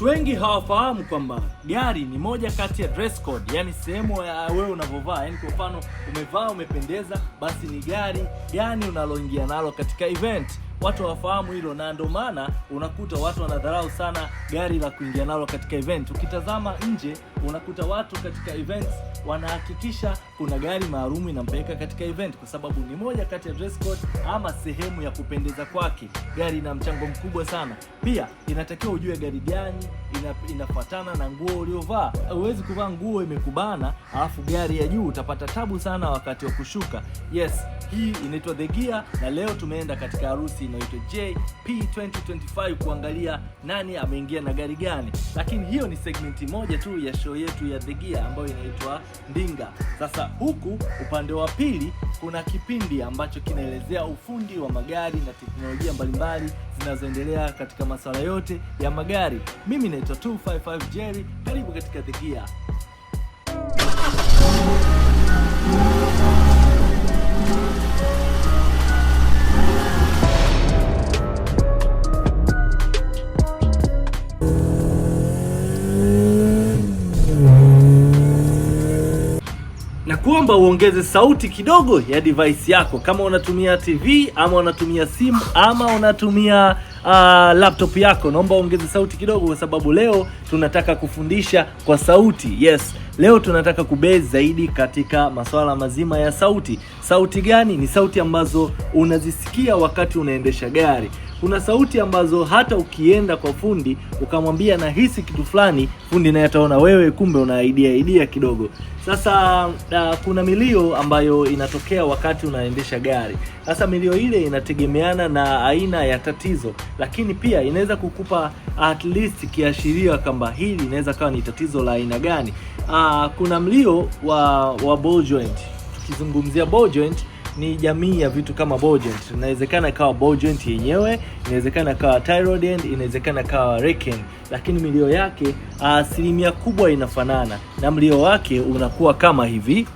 Watu wengi hawafahamu kwamba gari ni moja kati ya dress code, yani sehemu ya wewe unavyovaa. Yani kwa mfano umevaa umependeza, basi ni gari gani unaloingia nalo katika event. Watu hawafahamu hilo, na ndio maana unakuta watu wanadharau sana gari la kuingia nalo katika event. Ukitazama nje unakuta watu katika events wanahakikisha kuna gari maalum inampeleka katika event, kwa sababu ni moja kati ya dress code ama sehemu ya kupendeza kwake. Gari ina mchango mkubwa sana. Pia inatakiwa ujue gari gani inafuatana na nguo uliovaa. Huwezi kuvaa nguo imekubana, alafu gari ya juu utapata tabu sana wakati wa kushuka. Yes, hii inaitwa The Gear, na leo tumeenda katika harusi inayoitwa JP 2025 kuangalia nani ameingia na gari gani, lakini hiyo ni segmenti moja tu ya show show yetu ya The Gear ambayo inaitwa Ndinga. Sasa huku upande wa pili kuna kipindi ambacho kinaelezea ufundi wa magari na teknolojia mbalimbali zinazoendelea katika masuala yote ya magari. Mimi naitwa 255 Jerry, karibu katika The Gear. na kuomba uongeze sauti kidogo ya device yako, kama unatumia TV ama unatumia simu ama unatumia uh, laptop yako, naomba uongeze sauti kidogo, kwa sababu leo tunataka kufundisha kwa sauti. Yes, leo tunataka kubase zaidi katika masuala mazima ya sauti. Sauti gani? Ni sauti ambazo unazisikia wakati unaendesha gari kuna sauti ambazo hata ukienda kwa fundi ukamwambia nahisi kitu fulani, fundi naye ataona wewe kumbe una idea idea kidogo. Sasa uh, kuna milio ambayo inatokea wakati unaendesha gari. Sasa milio ile inategemeana na aina ya tatizo, lakini pia inaweza kukupa at least kiashiria kwamba hili inaweza kawa ni tatizo la aina gani. Uh, kuna mlio wa wa ball joint. Tukizungumzia ball joint ni jamii ya vitu kama Bojent. Inawezekana ikawa Bojent yenyewe, inawezekana ikawa tyrodend inawezekana ikawa reken lakini milio yake ah, asilimia kubwa inafanana na mlio wake unakuwa kama hivi.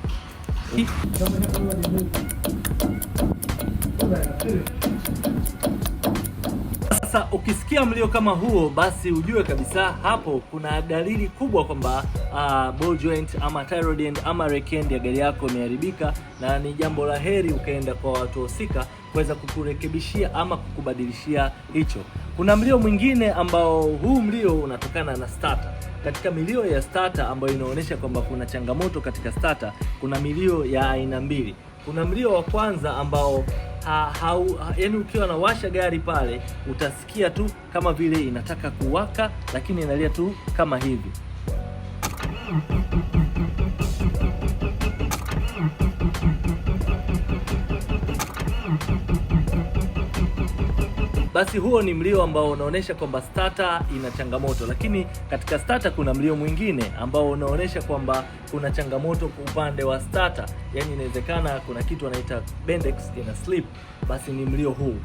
Sasa ukisikia mlio kama huo, basi ujue kabisa hapo kuna dalili kubwa kwamba uh, ball joint ama thyroid end ama end ya gari yako imeharibika, na ni jambo la heri ukaenda kwa watu husika kuweza kukurekebishia ama kukubadilishia hicho. Kuna mlio mwingine ambao huu mlio unatokana na starter katika milio ya starter ambayo inaonyesha kwamba kuna changamoto katika starter, kuna milio ya aina mbili. Kuna mlio wa kwanza ambao ha, ha, ha, yani ukiwa nawasha gari pale utasikia tu kama vile inataka kuwaka, lakini inalia tu kama hivi Basi huo ni mlio ambao unaonyesha kwamba starter ina changamoto, lakini katika starter kuna mlio mwingine ambao unaonyesha kwamba kuna changamoto upande wa starter, yaani inawezekana kuna kitu anaita bendex ina slip. Basi ni mlio huu.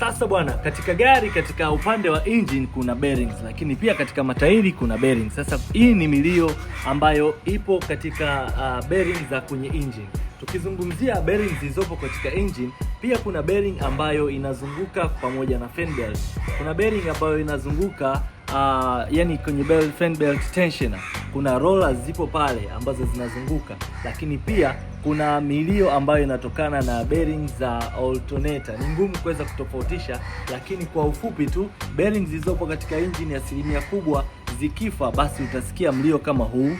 Sasa bwana, katika gari, katika upande wa engine kuna bearings, lakini pia katika matairi kuna bearings. Sasa hii ni milio ambayo ipo katika uh, bearings za kwenye engine. Tukizungumzia bearing zilizopo katika engine, pia kuna bearing ambayo inazunguka pamoja na fan belt. Kuna bearing ambayo inazunguka uh, yani kwenye belt, fan belt tensioner. Kuna rollers zipo pale ambazo zinazunguka, lakini pia kuna milio ambayo inatokana na bearing za alternator. Ni ngumu kuweza kutofautisha, lakini kwa ufupi tu bearing zilizopo katika engine asilimia kubwa zikifa, basi utasikia mlio kama huu.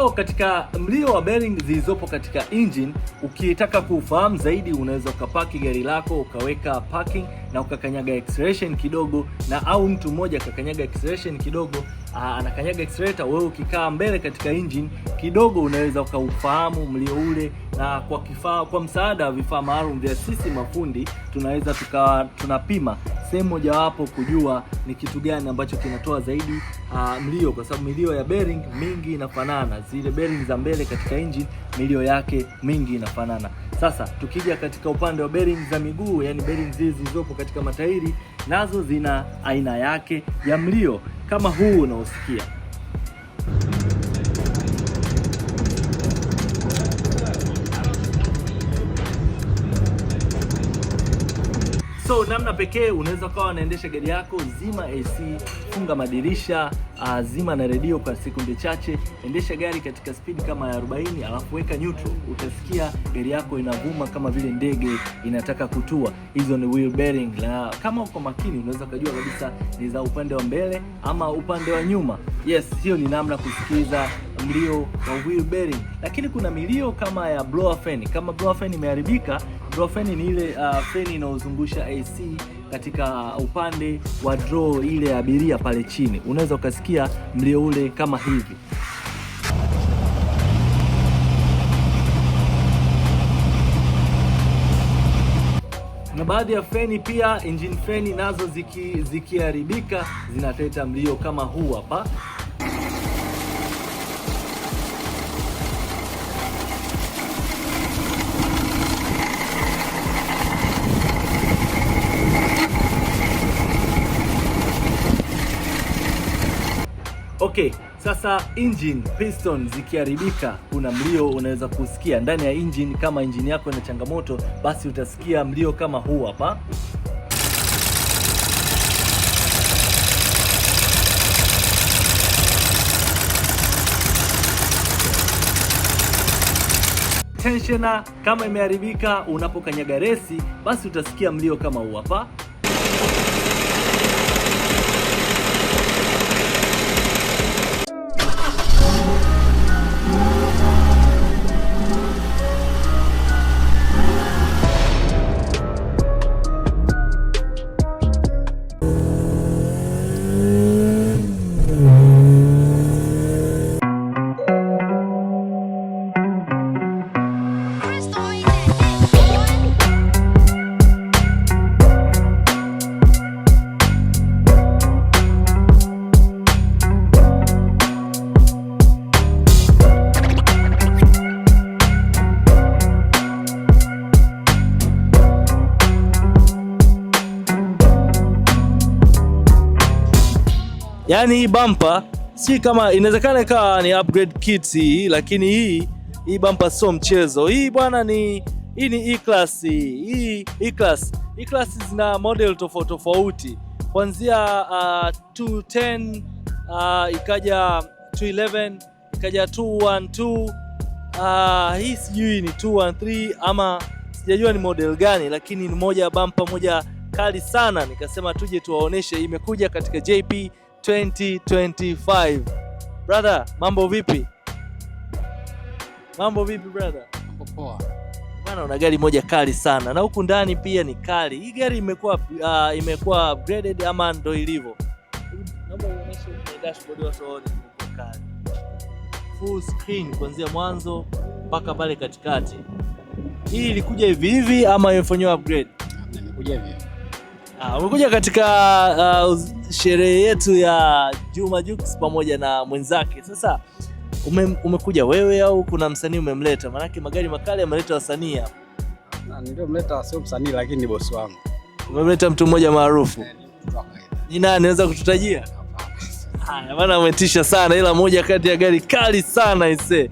So katika mlio wa bearing zilizopo katika engine, ukitaka kufahamu zaidi, unaweza ukapaki gari lako ukaweka parking na ukakanyaga acceleration kidogo, na au mtu mmoja akakanyaga acceleration kidogo Ah, anakanyaga accelerator, wewe ukikaa mbele katika engine kidogo unaweza ukaufahamu mlio ule, na kwa kifaa, kwa msaada wa vifaa maalum vya sisi mafundi tunaweza tukawa tunapima sehemu mojawapo kujua ni kitu gani ambacho kinatoa zaidi aa, ah, mlio, kwa sababu milio ya bearing mingi inafanana, zile bearing za mbele katika engine milio yake mingi inafanana. Sasa tukija katika upande wa bearing za miguu, yani bearing zilizopo katika matairi nazo zina aina yake ya mlio kama huu unaosikia. So namna pekee unaweza ukawa unaendesha gari yako, zima AC, funga madirisha, uh, zima na redio kwa sekunde chache, endesha gari katika spidi kama ya 40, alafu weka neutral. Utasikia gari yako inavuma kama vile ndege inataka kutua. Hizo ni wheel bearing, na kama uko makini unaweza ukajua kabisa ni za upande wa mbele ama upande wa nyuma. Yes, hiyo ni namna kusikiliza mlio wa wheel bearing, lakini kuna milio kama ya blower fan. Kama blower fan imeharibika Draw ni ile uh, feni inayozungusha AC katika upande wa draw ile ya abiria pale chini, unaweza ukasikia mlio ule kama hivi. na baadhi ya feni pia engine feni nazo zikiharibika ziki mlio kama huu hapa. Okay, sasa engine piston zikiharibika, kuna mlio unaweza kusikia ndani ya engine. Kama engine yako ina changamoto, basi utasikia mlio kama huu hapa. Tensioner kama imeharibika, unapokanyaga resi, basi utasikia mlio kama huu hapa. yani hii bumper si kama inawezekana ikawa ni upgrade kit hii, lakini hii hii bumper sio mchezo. Hii bwana ni hii ni E-class hii E-class. E-class zina model tofauti tofauti kuanzia uh, 210 uh, ikaja 211 ikaja 212 Uh, ah, hii sijui ni 213 ama sijajua ni model gani, lakini ni moja bampa moja kali sana, nikasema tuje tuwaoneshe. Imekuja katika JP 2025. Brother, mambo vipi? Mambo vipi brother? Poa. Bana, una gari moja kali sana na huku ndani pia ni kali. Hii gari imekuwa uh, imekuwa upgraded ama ndo ilivyo? Naomba uonyeshe dashboard watu waone kali. Full screen kuanzia mwanzo mpaka pale katikati. Hii ilikuja hivi hivi ama imefanywa upgrade? Imekuja hivi. Ah, umekuja uh, katika uh, sherehe yetu ya Juma Jux pamoja na mwenzake. Sasa ume, umekuja wewe au kuna msanii umemleta? Maanake magari makali yameleta wasanii hapa. Ah, Niliyomleta sio msanii lakini ni bosi wangu. Umemleta mtu mmoja maarufu. Eh, ni nani naweza kututajia? Haya, maana umetisha sana, ila moja kati ya gari kali sana ise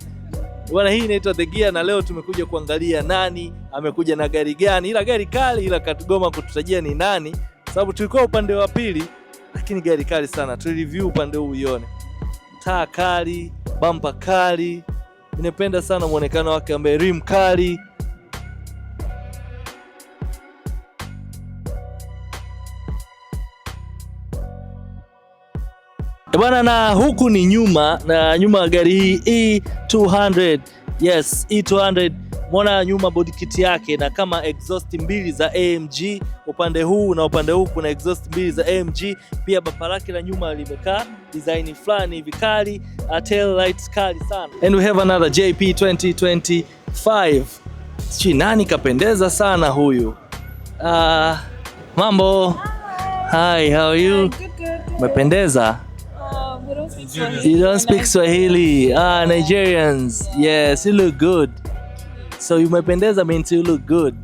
Bwana, hii inaitwa The Gear na leo tumekuja kuangalia nani amekuja na gari gani, ila gari kali, ila katugoma kututajia ni nani, sababu tulikuwa upande wa pili, lakini gari kali sana. review upande huu uione, taa kali, bampa kali, ninapenda sana mwonekano wake, ambaye rim kali Bwana, na huku ni nyuma na nyuma ya gari hii E200. Yes, E200 mwona nyuma body kit yake na kama exhaust mbili za AMG upande huu na upande huu kuna exhaust mbili za AMG. Pia bapa lake la nyuma limekaa design fulani hivi kali, tail lights kali sana. And we have another JP 2025. Si nani kapendeza sana huyu. Uh, mambo. Hi, how are you? Mependeza. You don't speak Swahili. Ah, Nigerians. Yes, you look good. So you I means you look good.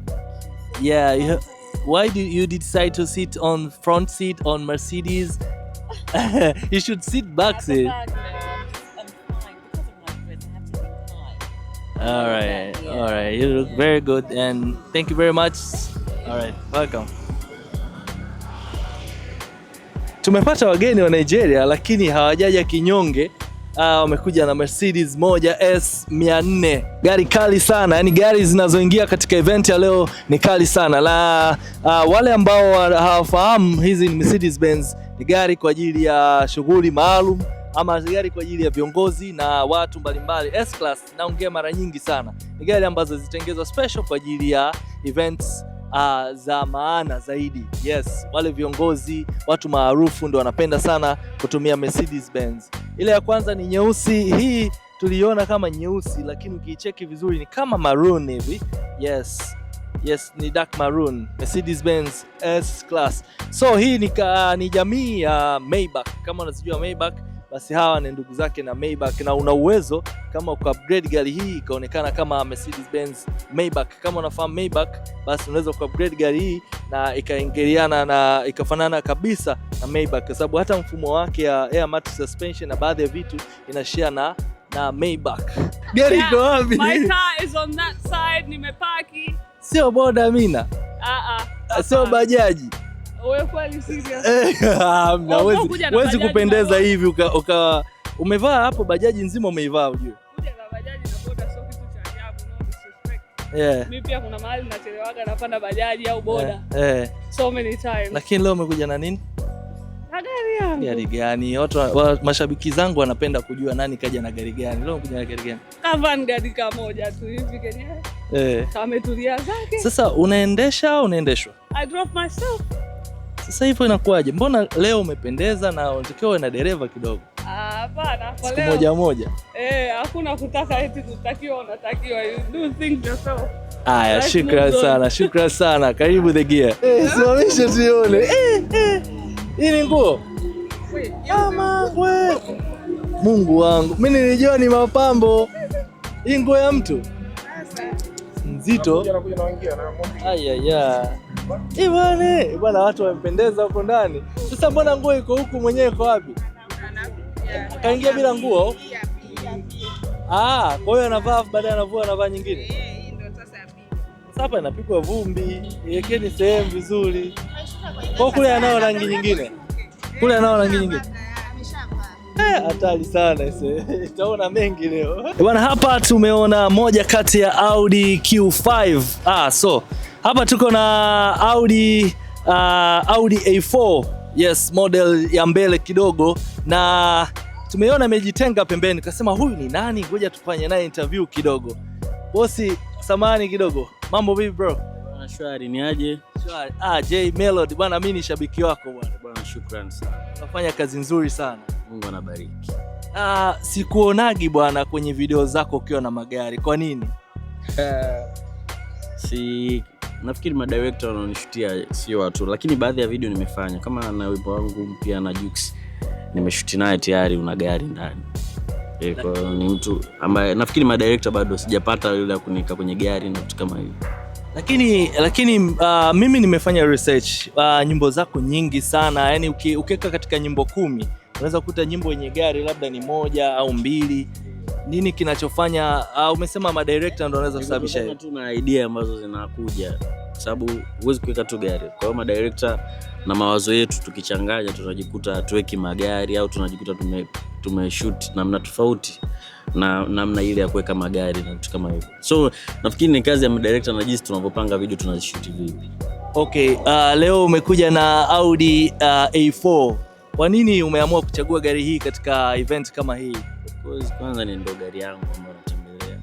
Yeah. You, why do you decide to sit on front seat on Mercedes? you should sit back seat. All right. All right. You look very good and thank you very much. All right. Welcome. Tumepata wageni wa Nigeria lakini hawajaja kinyonge. Ah, wamekuja na Mercedes moja S 400. Gari kali sana, yani gari zinazoingia katika event ya leo ni kali sana. La ah, wale ambao hawafahamu hizi ni Mercedes Benz, ni gari kwa ajili ya shughuli maalum ama gari kwa ajili ya viongozi na watu mbalimbali. S class naongea mara nyingi sana, ni gari ambazo zitengenezwa special kwa ajili ya events uh, za maana zaidi. Yes, wale viongozi watu maarufu ndo wanapenda sana kutumia Mercedes Benz. Ile ya kwanza ni nyeusi, hii tuliona kama nyeusi, lakini ukiicheki vizuri ni kama maroon hivi. Yes. Yes, ni dark maroon Mercedes Benz S class. So hii ni, ka, ni jamii ya uh, Maybach. Kama unazijua Maybach basi hawa ni ndugu zake na Maybach, na una uwezo kama upgrade gari hii ikaonekana kama Mercedes Benz Maybach. Kama unafahamu Maybach, basi unaweza upgrade gari hii na ikaingiliana na ikafanana kabisa na Maybach, kwa sababu hata mfumo wake ya air suspension na baadhi ya vitu inashare na na Maybach. Gari iko wapi? My car is on that side, nimepaki. Sio boda mina. Ah -uh, Sio ah, ah. bajaji. Huwezi eh, ah, kupendeza hivi uka, umevaa hapo bajaji nzima umeivaa ujue. Eh, eh. Lakini leo umekuja na nini? gari gani? Watu wa, mashabiki zangu wanapenda kujua nani kaja na gari gani. Leo umekuja na gari gani? gari kamoja tu hivi kenyewe. Eh. Kametulia zake. Sasa unaendesha au unaendeshwa? I drove myself. Sasa hivyo inakuwaje? Mbona leo umependeza na unatakiwa uwe na dereva kidogo? Hapana, Moja moja. Eh, hakuna kutaka eti unatakiwa. Do yourself. shukran sana, shukran sana. Karibu The Gear. Eh, simamishe tuone. Eh, eh, eh, Hii ni nguo. Ama Mungu wangu. Mimi nilijua ni mapambo. Hii nguo ya mtu. Nzito. Aya, Bwana bwana, watu wamependeza huko ndani. Sasa mbona nguo iko huku, mwenyewe iko wapi? Kaingia bila nguo. Ah, kwa hiyo anavaa baadaye anavua anavaa nyingine. Eh, sasa hapa inapigwa vumbi, iwekeni sehemu vizuri. Kwa kule anao rangi nyingine, kule anao rangi nyingine. Eh, hatari sana itaona mengi leo bwana. Hapa tumeona moja kati ya Audi Q5 ah, so hapa tuko na Audi uh, Audi A4 yes, model ya mbele kidogo, na tumeona amejitenga pembeni, kasema huyu ni nani? Ngoja tufanye naye interview kidogo. Bosi, samani kidogo, mambo vipi bro? Bwana shwari, ni aje? Shwari. Ah, J Melody bwana, mimi ni shabiki wako bwana. Bwana shukrani sana, unafanya kazi nzuri sana, Mungu anabariki. Ah, sikuonagi bwana kwenye video zako ukiwa na magari, kwa nini? si nafikiri madirekta wanaonishutia sio watu, lakini baadhi ya video nimefanya kama na wimbo wangu mpya na Jux nimeshuti naye tayari una gari ndani ni mtu ambaye nafikiri madirekta bado sijapata yule ya kunika kwenye gari na vitu kama hivi lakini lakini uh, mimi nimefanya research uh, nyimbo zako nyingi sana yani ukiweka katika nyimbo kumi unaweza kukuta nyimbo yenye gari labda ni moja au mbili nini kinachofanya uh, umesema madirekta ndo anaweza kusababisha hiyo? Tuna idea ambazo zinakuja kwa sababu huwezi kuweka tu gari. Kwa hiyo madirekta na mawazo yetu tukichanganya, tunajikuta tuweki magari au tunajikuta tume tumeshoot namna tofauti na namna ile ya kuweka magari na vitu kama hivyo. So nafikiri ni kazi ya madirekta na jinsi tunavyopanga video tunazishuti vipi. Okay, uh, leo umekuja na Audi uh, ah, A4. Kwa nini umeamua kuchagua gari hii katika event kama hii? course, kwanza ni ndo gari yangu ambayo natembelea yeah.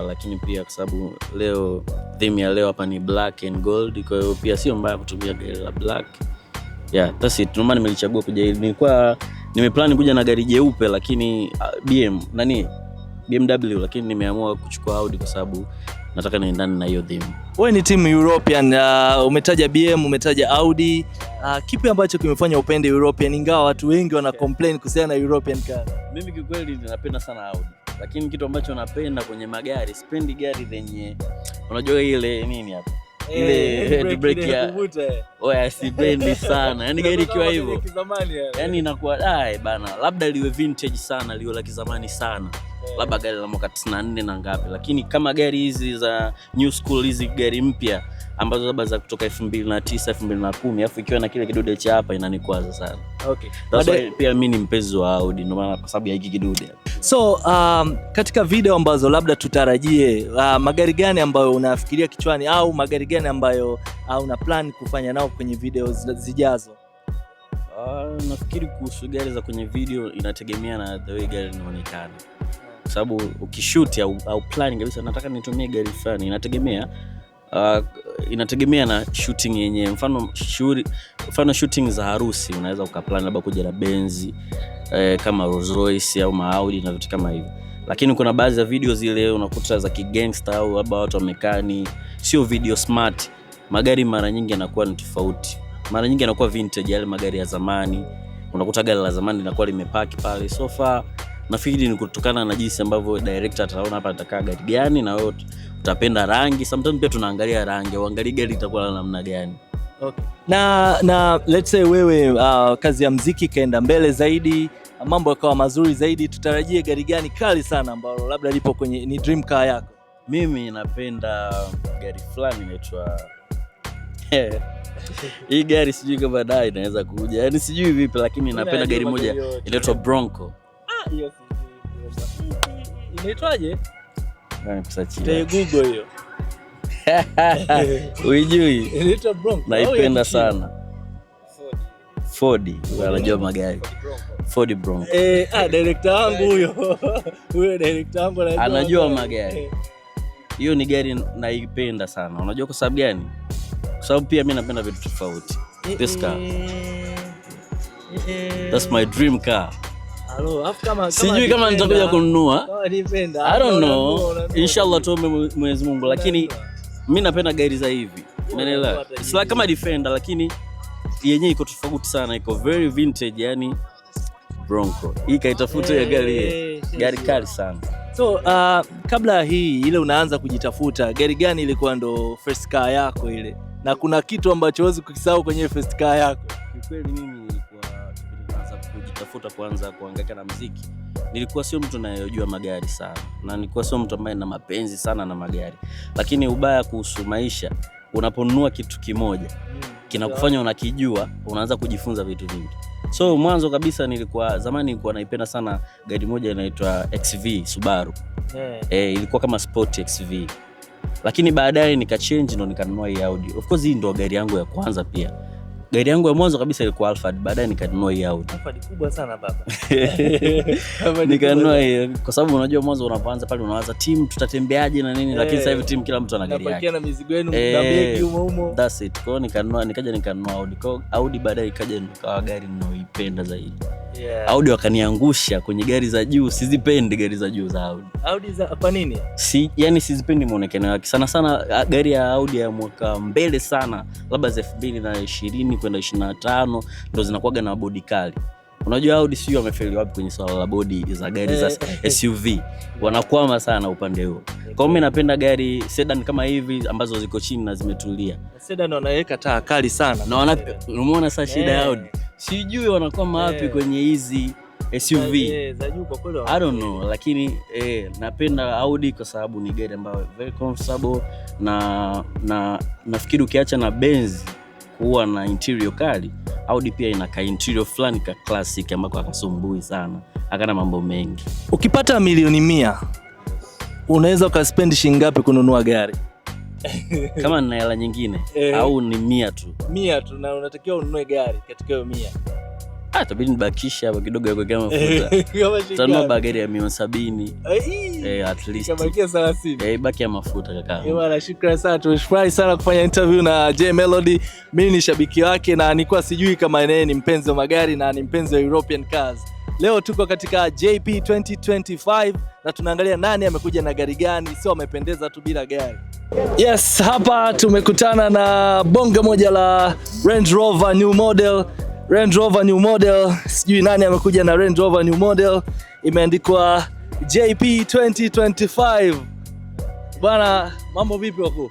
Uh, lakini pia kwa sababu leo theme ya leo hapa ni black and gold, kwa hiyo pia sio mbaya kutumia gari la black yeah, that's it. Ndio nimelichagua kuja hili. Nilikuwa nimeplani kuja na gari jeupe lakini uh, ah, BM nani BMW lakini nimeamua kuchukua Audi kwa sababu nataka niendane na hiyo theme. Wewe ni team European, uh, umetaja BM, umetaja Audi. Uh, kipi ambacho kimefanya upende European ingawa watu wengi wana complain kuhusiana na European car? Mimi kikweli ninapenda sana Audi, lakini kitu ambacho napenda kwenye magari, sipendi gari zenye unajua ile nini hapa eh, ile breki ya oya, oh, sipendi sana yani gari ikiwa hivyo yani yaani inakuwa dai bana, labda liwe vintage sana, liwe la kizamani sana labda gari la mwaka 94 na ngapi, lakini kama gari hizi za new school hizi gari mpya ambazo labda za kutoka 2009 2010, alafu ikiwa na kile kidude cha hapa inanikwaza sana. Okay. That's pia mimi ni mpenzi wa Audi ndio maana kwa sababu ya hiki kidude. So um, katika video ambazo labda tutarajie uh, magari gani ambayo unafikiria kichwani au magari gani ambayo uh, una plan kufanya nao kwenye video zijazo? Uh, nafikiri kuhusu gari za kwenye video inategemea na the way gari inaonekana kwa sababu ukishuti au, au planning kabisa, nataka nitumie gari fulani, inategemea Uh, inategemea na shooting yenyewe. Mfano shuri, mfano shooting za harusi unaweza ukaplan labda kuja na benzi eh, kama Rolls Royce au Maaudi na vitu kama hivyo, lakini kuna baadhi ya video zile unakuta za kigangster au labda watu wamekani, sio video smart. Magari mara nyingi yanakuwa ni tofauti, mara nyingi yanakuwa vintage, yale magari ya zamani. Unakuta gari la zamani linakuwa limepaki pale sofa nafikiri ni kutokana na jinsi ambavyo director ataona hapa atakaa gari gani, na wewe utapenda rangi. Sometimes pia tunaangalia rangi, uangalie gari litakuwa la namna gani. Okay. Na, na let's say wewe uh, kazi ya mziki ikaenda mbele zaidi, mambo yakawa mazuri zaidi, tutarajie gari gani kali sana ambalo labda lipo kwenye ni dream car yako? Mimi napenda gari fulani inaitwa hii gari sijui kama dai inaweza kuja, yani sijui vipi, lakini napenda gari moja inaitwa Bronco hiyo inaitwaje? Google hiyo. Uijui? Naipenda sana. anajua magari. Bronco. Eh, ah, director wangu huyo. Huyo director wangu anajua magari. Eh. Hiyo ni gari naipenda sana. Unajua kwa sababu gani? Kwa sababu pia mimi napenda vitu tofauti. This car. Eh, eh, That's my dream car sijui kama nitakuja kununua, I don't know, inshallah tuombe Mwenyezi Mungu, lakini mi napenda gari za hivi, umeelewa? Si kama Defender, lakini yenyewe iko tofauti sana, iko very vintage, yani Bronco hii kaitafuta ya gari eh, gari kali sana. So uh, kabla ya hii ile unaanza kujitafuta gari gani ilikuwa ndo first car yako ile, na kuna kitu ambacho huwezi kukisahau kwenye first car yako? Kweli mimi kutafuta kwanza kuangaika na mziki, nilikuwa sio mtu nayejua magari sana, na nilikuwa sio mtu ambaye na mapenzi sana na magari, lakini ubaya kuhusu maisha, unaponunua kitu kimoja kinakufanya unakijua, unaanza kujifunza vitu vingi. So mwanzo kabisa nilikuwa zamani nilikuwa naipenda sana gari moja inaitwa XV Subaru. Yeah. E, ilikuwa kama Sport XV. Lakini baadaye nikachange ndo nikanunua hii Audi. Of course hii ndo gari yangu ya kwanza pia. Gari yangu ya mwanzo kabisa ilikuwa Alphard, baadaye nikanunua hii Audi. Alphard kubwa sana baba. Nikanunua hii kwa sababu unajua mwanzo unapoanza pale unawaza team tutatembeaje na nini, lakini eh, sasa hivi team kila mtu ana gari yake. Napakia na mizigo yenu eh, na begi humo humo. That's it. Kwa hiyo nikanunua, nikaja nikanunua Audi. Kwa Audi baadaye ikaja nikawa gari ninayoipenda zaidi. Yeah. Audi wakaniangusha kwenye gari za juu, sizipendi gari za juu za Audi. Audi za kwa nini? Si, yani sizipendi muonekano wake sana sana. Ah, gari ya Audi ya mwaka mbele sana, labda 2020 kwenda 25 ndo zinakuwaga na bodi kali. Unajua Audi sijui wamefeli wapi kwenye swala la bodi za gari za eh, eh, eh. SUV, wanakwama sana upande huo. Kwa hiyo mimi napenda gari sedan kama hivi ambazo ziko chini na zimetulia. Sedan wanaweka taa kali sana na wana, umeona sasa shida ya Audi sijui wanakwama wapi kwenye hizi SUV I don't know, lakini eh, napenda Audi kwa sababu ni gari ambayo very comfortable na na nafikiri ukiacha na Benz huwa na interior kali, Audi pia ina ka interior fulani ka classic ambako akasumbui sana, akana mambo mengi. Ukipata milioni mia unaweza ukaspendi shilingi ngapi kununua gari? kama nina hela nyingine eh, au ni mia tu mia tu, na unatakiwa ununue gari katika hiyo mia ah, itabidi nibakisha hapa kidogo ya kuwekea mafuta, tanunua gari ya milioni sabini. Eh, Eh, eh, baki ya mafuta kaka. Eh, sana. Tumefurahi sana kufanya interview na Jay Melody. Mimi ni shabiki wake na nikuwa sijui kama enee ni mpenzi wa magari na ni mpenzi wa European cars. Leo tuko katika JP 2025 na tunaangalia nani amekuja na gari gani, sio amependeza tu bila gari. Yes, hapa tumekutana na bonge moja la Range Rover new model. Range Rover new model, sijui nani amekuja na Range Rover new model, imeandikwa JP 2025 bwana, mambo vipi wako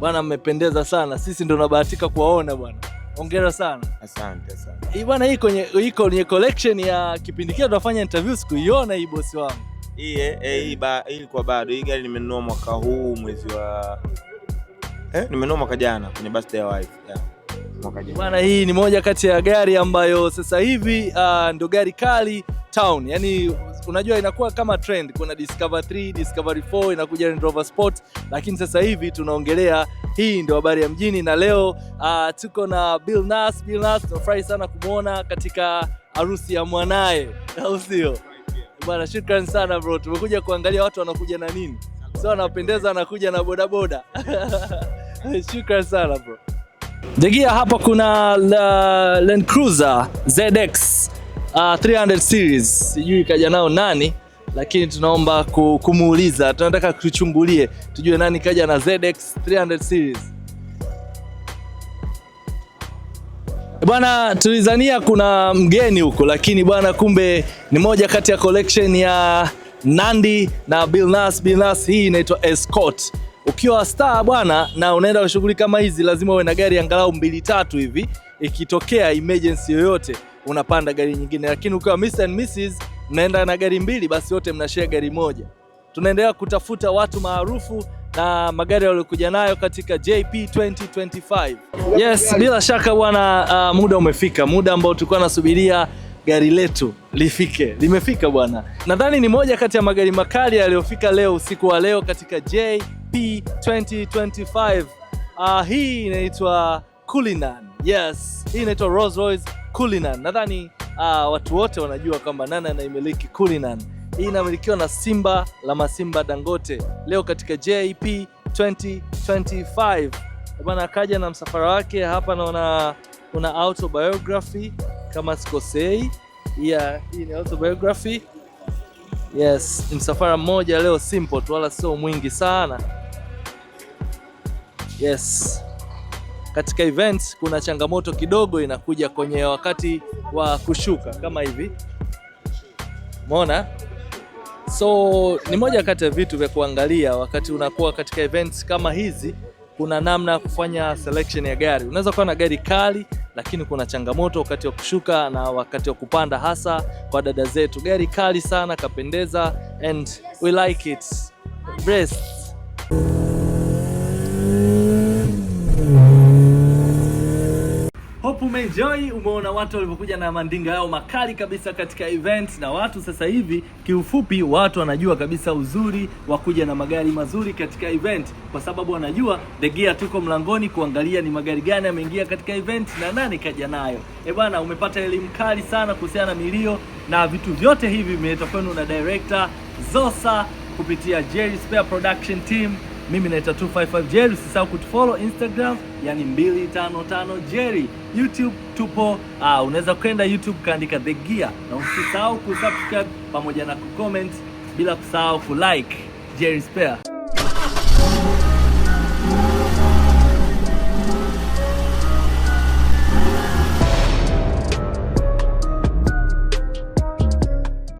bwana? Mmependeza sana, sisi ndo nabahatika kuwaona bwana. Hongera sana. Asante sana. Bwana, hii kwenye iko kwenye collection ya kipindi kile tunafanya interview, sikuiona hii bosi wangu. Hii eh, eh hii kwa bado. Hii gari nimenunua mwaka huu mwezi wa eh, nimenunua mwaka jana kwenye birthday ya wife. Yeah mwaka jana. Bwana, hii ni moja kati ya gari ambayo sasa hivi uh, ah, ndo gari kali town, yaani unajua inakuwa kama trend, kuna Discover 3, Discover 4 inakuja Range Rover Sport, lakini sasa hivi tunaongelea hii ndio habari ya mjini, na leo uh, tuko na Bill Nass. Bill Nass tunafurahi sana kumwona katika harusi ya mwanaye, au sio? Bwana, shukrani sana bro, tumekuja kuangalia watu wanakuja na nini, sio? Anapendeza, anakuja na bodaboda. Shukrani sana bro. Degia hapa kuna Land Cruiser ZX uh, 300 series, sijui kaja nao nani, lakini tunaomba kumuuliza, tunataka tuchungulie tujue nani kaja na ZX 300 series. Bwana, tulizania kuna mgeni huko, lakini bwana, kumbe ni moja kati ya collection ya Nandy na Billnass. Billnass hii inaitwa Escort. Ukiwa star bwana, na unaenda kwa shughuli kama hizi, lazima uwe na gari angalau mbili tatu hivi. Ikitokea emergency yoyote, unapanda gari nyingine, lakini ukiwa Mr and Mrs mnaenda na gari mbili, basi wote mnashare gari moja. Tunaendelea kutafuta watu maarufu na magari waliokuja nayo katika JP 2025. Yes, bila shaka bwana, uh, muda umefika, muda ambao tulikuwa nasubiria gari letu lifike limefika bwana. Nadhani ni moja kati ya magari makali yaliyofika leo usiku wa leo katika J p 2025. Uh, ah, hii inaitwa Cullinan. Yes, hii inaitwa Rolls Royce Cullinan. Nadhani uh, watu wote wanajua kwamba nani anaimiliki Cullinan. Hii inamilikiwa na Simba la Masimba Dangote. Leo katika JP 2025 bwana akaja na msafara wake hapa, naona kuna autobiography kama sikosei. Yeah, hii ni autobiography. Yes, msafara mmoja leo, simple tu, wala sio mwingi sana. Yes. Katika events kuna changamoto kidogo inakuja kwenye wakati wa kushuka kama hivi. Umeona? So ni moja kati ya vitu vya kuangalia wakati unakuwa katika events kama hizi, kuna namna ya kufanya selection ya gari. Unaweza kuwa na gari kali lakini kuna changamoto wakati wa kushuka na wakati wa kupanda, hasa kwa dada zetu. Gari kali sana kapendeza, and we like it. Breast. hope umeenjoy, umeona watu walivyokuja na mandinga yao makali kabisa katika event, na watu sasa hivi kiufupi, watu wanajua kabisa uzuri wa kuja na magari mazuri katika event, kwa sababu wanajua The Gear tuko mlangoni kuangalia ni magari gani yameingia katika event na nani kaja nayo. Eh bwana, umepata elimu kali sana kuhusiana na milio na vitu vyote hivi vimeletwa kwenu na director Zosa kupitia Jerry Spare Production Team. Mimi naita 255 Jerry, usisahau kutufollow Instagram, yani 255 Jerry. YouTube tupo uh, unaweza kwenda YouTube kaandika The Gear, na usisahau kusubscribe pamoja na kucomment, bila kusahau kulike Jerry Spare.